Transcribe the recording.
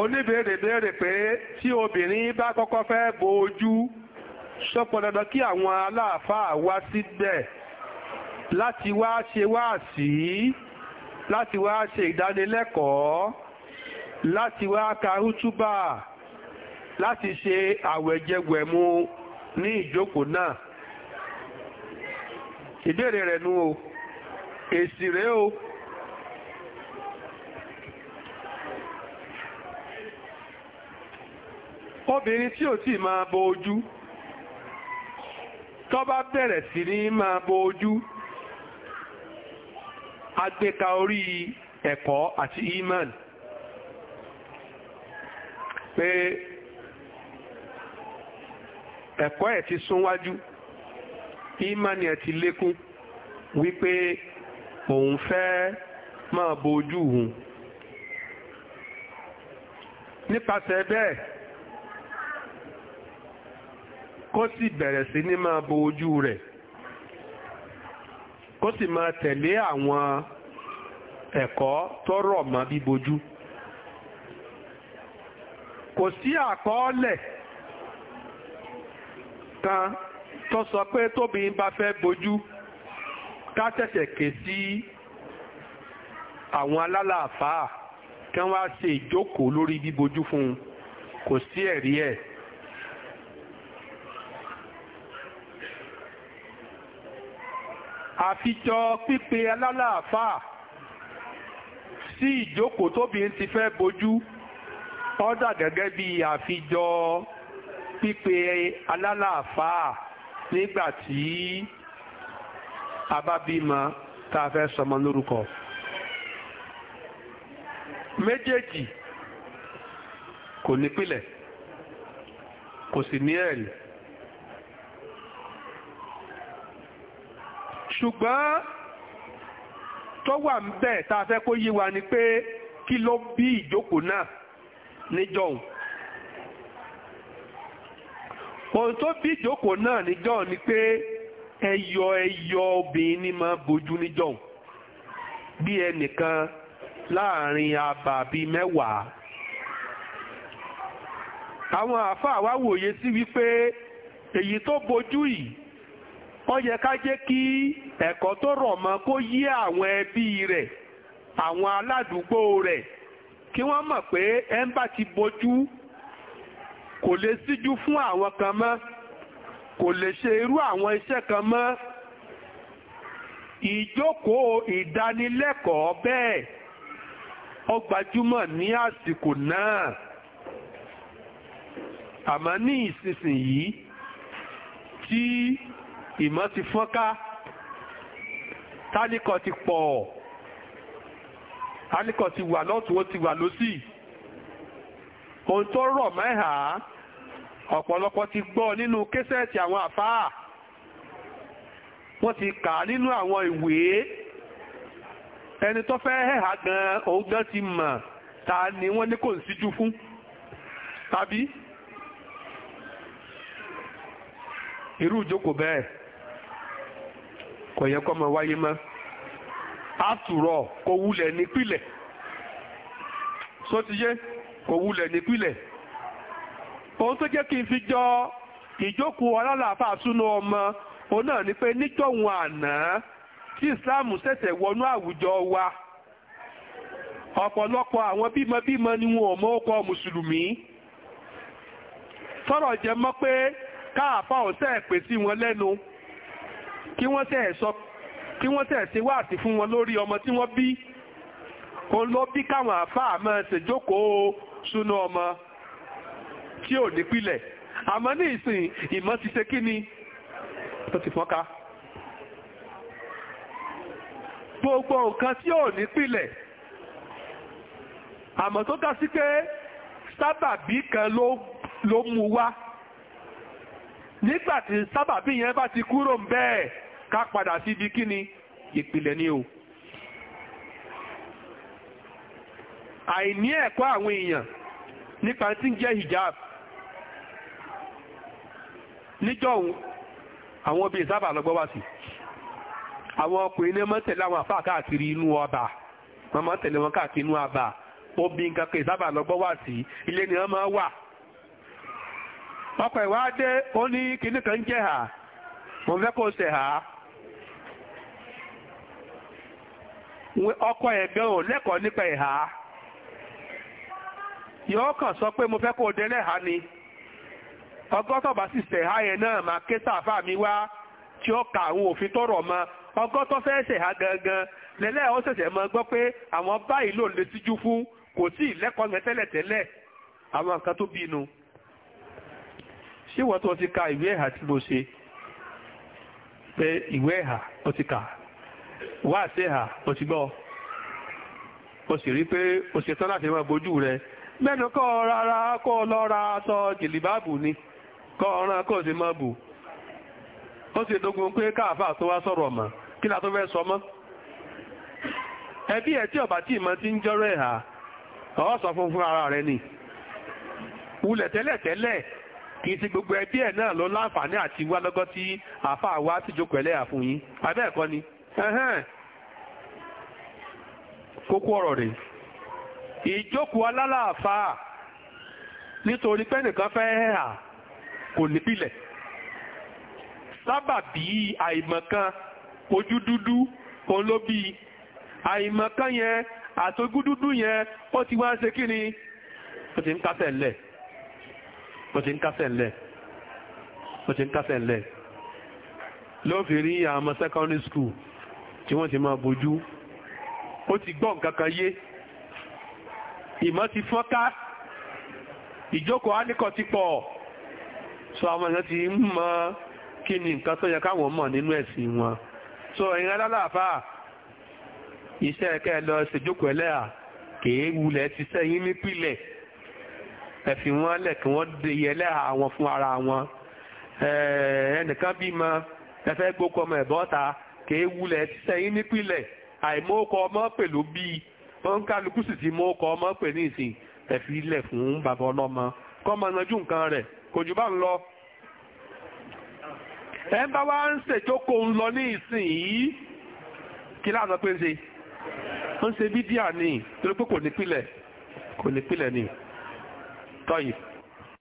oníbèrè béèrè pé tí obìnrin bá kọ́kọ́ fẹ́ bo ojú sọ́pọ̀ dandan kí àwọn aláàfáà wá síbẹ̀ láti wá ṣe wáàsí láti wá ṣe ìdánilẹ́kọ̀ọ́ láti wá ka hútúbà láti ṣe àwẹ̀jẹwẹ̀mu ní ìjókòó náà ìbéèrè rẹ̀ nú o èsì rẹ̀ o. obìnrin tí ò tí máa bo ojú tó bá bẹ̀rẹ̀ sí ní máa bo ojú agbéka orí ẹ̀kọ́ àti iman pé ẹ̀kọ́ ẹ̀ ti súnwájú iman ẹ̀ ti lékún wípé òun fẹ́ máa bo ojú òun nípasẹ̀ bẹ́ẹ̀ kó sì bẹ̀rẹ̀ sí ní máa bo ojú rẹ̀ kó sì máa tẹ̀lé àwọn ẹ̀kọ́ tó rọ̀ mọ́ bíbojú kò sí àkọọ́lẹ̀ kan tó sọ pé tóbi bá fẹ́ bojú ká tẹ̀sẹ̀ ké sí àwọn alálàáfáà kí wọ́n á ṣe ìjókòó lórí bíbojú fún un kò sí ẹ̀rí ẹ̀. àfijọ pípe alálàáfà sí ìjókòó tóbìnrin ti fẹ́ bojú ọ́dà gẹ́gẹ́ bí àfijọ pípe alálàáfà nígbà tí a bá bímọ tá a fẹ́ sọmọ lórúkọ. méjèèjì kò nípìlẹ̀ kò sì ní ẹ̀rí. ṣùgbọ́n tó wà ń bẹ̀ tá a fẹ́ kó yí wa ni pé kí ló bí ìjókòó náà níjọ́un ohun tó bí ìjókòó náà níjọ́un ni pé ẹyọ ẹyọ obìnrin ni máa bojú níjọ́un bí ẹnìkan láàrin abà bíi mẹ́wàá àwọn àáfàá wa wòye sí wípé èyí tó bojú yìí ọ yẹ ká jẹ́ kí ẹ̀kọ́ tó rọ̀ mọ́ kó yé àwọn ẹbí rẹ̀ àwọn aládùúgbò rẹ̀ kí wọ́n mọ̀ pé ẹ̀ńbà ti bojú kò lè síjú fún àwọn kan mọ́ kò lè ṣe irú àwọn iṣẹ́ kan mọ́ ìjókòó ìdánilẹ́kọ̀ọ́ bẹ́ẹ̀ ó gbajúmọ̀ ní àsìkò náà àmọ́ ní ìsinsìnyí tí ìmọ̀ ti fọ́nká tálíkọ̀ ti pọ̀ tálíkọ̀ ti wà lọ́tún ó ti wà lọ́sì ohun tó rọ̀ mẹ́hà ọ̀pọ̀lọpọ̀ ti gbọ́ nínú késẹ́ẹ̀tì àwọn àfáà wọ́n ti kà nínú àwọn ìwé ẹni tó fẹ́ hẹ̀hà gan òun gan ti mọ̀ ta ni wọ́n ní kò ń síjú fún tàbí irú ìjókòó bẹ́ẹ̀ kò yẹ kó máa wáyé mọ́ àtúrọ̀ kò wulẹ̀ nípìlẹ̀ sótìyé kò wulẹ̀ nípìlẹ̀ ohun tó jẹ́ kí n fi jọ ìjókòó alálàáfà súnú ọmọ òun náà ni pé níjọ́hun àná tí ìsìláàmù ṣẹ̀ṣẹ̀ wọnú àwùjọ wa ọ̀pọ̀lọpọ̀ àwọn bímọbímọ ni wọn ò mọ ọkọ mùsùlùmí sọ̀rọ̀ jẹ́ mọ́ pé káàfà ọ̀sẹ̀ pè wọn lẹ́nu kí wọ́n tẹ̀ sọ kí wọ́n tẹ̀ ṣe wáàsí fún wọn lórí ọmọ tí wọ́n bí òun ló bí káwọn àáfàá máa ṣèjókòó súná ọmọ tí ò nípìlẹ̀ àmọ́ ní ìsìn ìmọ̀ ti ṣe kí ni tó ti fọ́n ká gbogbo nǹkan tí ò nípìlẹ̀ àmọ́ tó ká sí pé sábàbí kan ló mú wá nígbà tí sábàbí yẹn bá ti kúrò ń bẹ́ẹ̀ ká padà sí ibi kíni ìpìlẹ̀ ni o. àìní ẹ̀kọ́ àwọn èèyàn nípa tí ń jẹ́ hijab níjọ́hun àwọn obìnrin sábà lọ́gbọ́ wá sí àwọn ọkùnrin ní mọ́ tẹ̀lé àwọn àfáà káàkiri inú ọba wọ́n mọ́ tẹ̀lé wọn káàkiri inú ọba obìnrin kankan sábà lọ́gbọ́ wá sí ilé ni wọ́n máa wà ọkọ̀ ìwà dé ó ní kinní kan jẹ́ hà mo fẹ́ kó ṣe hà ọkọ̀ ẹ̀gbẹ́ ò lẹ́kọ̀ọ́ nípa ìhà yóò kàn sọ pé mo fẹ́ kó dé lẹ́hà ni ọgọ́tọ̀ bá sì ṣẹ̀há yẹn náà ma ké mi wá tí ó ka àwọn òfin tó rọ̀ mọ́ ọgọ́tọ̀ fẹ́ ṣẹ̀há gangan lẹ́lẹ́ ó ṣẹ̀ṣẹ̀ mọ́ gbọ́ pé àwọn báyìí ló lè síjú fún kò sí ìlẹ́kọ̀ọ́ yẹn tẹ́lẹ̀tẹ́lẹ̀ àwọn nǹkan tó ṣé wọ́n tó ti ka ìwé ẹ̀hà tí mo ṣe pé ìwé ẹ̀hà ó ti kà wá àṣẹ ẹ̀hà ó ti gbọ́ ó sì rí pé ó ṣe tán láti máa bójú rẹ mẹ́nu kọ́ rárá lọ ra aṣọ jìlìbáàbù ni kọ́ ọ̀ràn kó sì máa bù ó sì dogun pé káàfà tó wá sọ̀rọ̀ mọ́ kí la tó fẹ́ sọ mọ́ ẹbí ẹ̀ tí ọ̀bà tí ìmọ̀ ti ń jọ́rọ̀ ẹ̀hà ọ̀ sọ fún fún ara rẹ ni wulẹ̀ tẹ́lẹ̀ tẹ́lẹ̀ kì í ti gbogbo ẹbí ẹ̀ náà ló láǹfààní àti wá lọ́gọ́ tí àáfàá wa ti jókòó ẹlẹ́yà fún yín abẹ́ ẹ̀kọ́ ni kókó ọ̀rọ̀ rẹ̀ ìjókòó alálàáfàá nítorí pé nìkan fẹ́ hà kò nípìlẹ̀ sábàbí àìmọ̀kan ojú dúdú kan àìmọ̀kan yẹn àtogúdúdú yẹn ó ti wá ń ṣe kí ni ó ti ń kásẹ̀ lẹ̀ ó ti ń kásẹ̀ ńlẹ̀ ó ti ń kásẹ̀ ló fi rí àwọn secondary school tí wọ́n ti máa bójú ó ti gbọ́ nǹkan kan yé ìmọ̀ ti fọ́n ká ìjókòó áníkọ̀ ti pọ̀ so àwọn èèyàn ti ń mọ kí ni nǹkan tó yẹ káwọn mọ̀ nínú ẹ̀sìn wọn so ìran lálàáfà iṣẹ́ ẹ̀kẹ́ lọ ṣèjókòó ẹlẹ́à kèé wulẹ̀ ti sẹ́yìn nípìnlẹ̀ ẹ fi wọ́n lẹ̀ kí wọ́n yẹ lẹ́hà wọn fún ara wọn ẹnìkan bímọ ẹ fẹ́ gbókọ ọmọ ẹ̀bọ́ta kì í wulẹ̀ sẹ́yìn nípìnlẹ̀ àìmọ́kọ ọmọ pẹ̀lú bíi wọn kálukú sì ti mọ́kọ ọmọ pẹ̀ ní ìsìn ẹ fi lẹ̀ fún bàbá ọlọ́mọ kọ́mọ nájú nǹkan rẹ̀ kò jù bá ń lọ ẹ ń bá wá ń ṣèjókòó ń lọ ní ìsìn yìí kí láàánú pé ń ṣe ń ṣe bídíà ní torí pé kò nípìlẹ̀ kò nípìlẹ̀ ni. طيب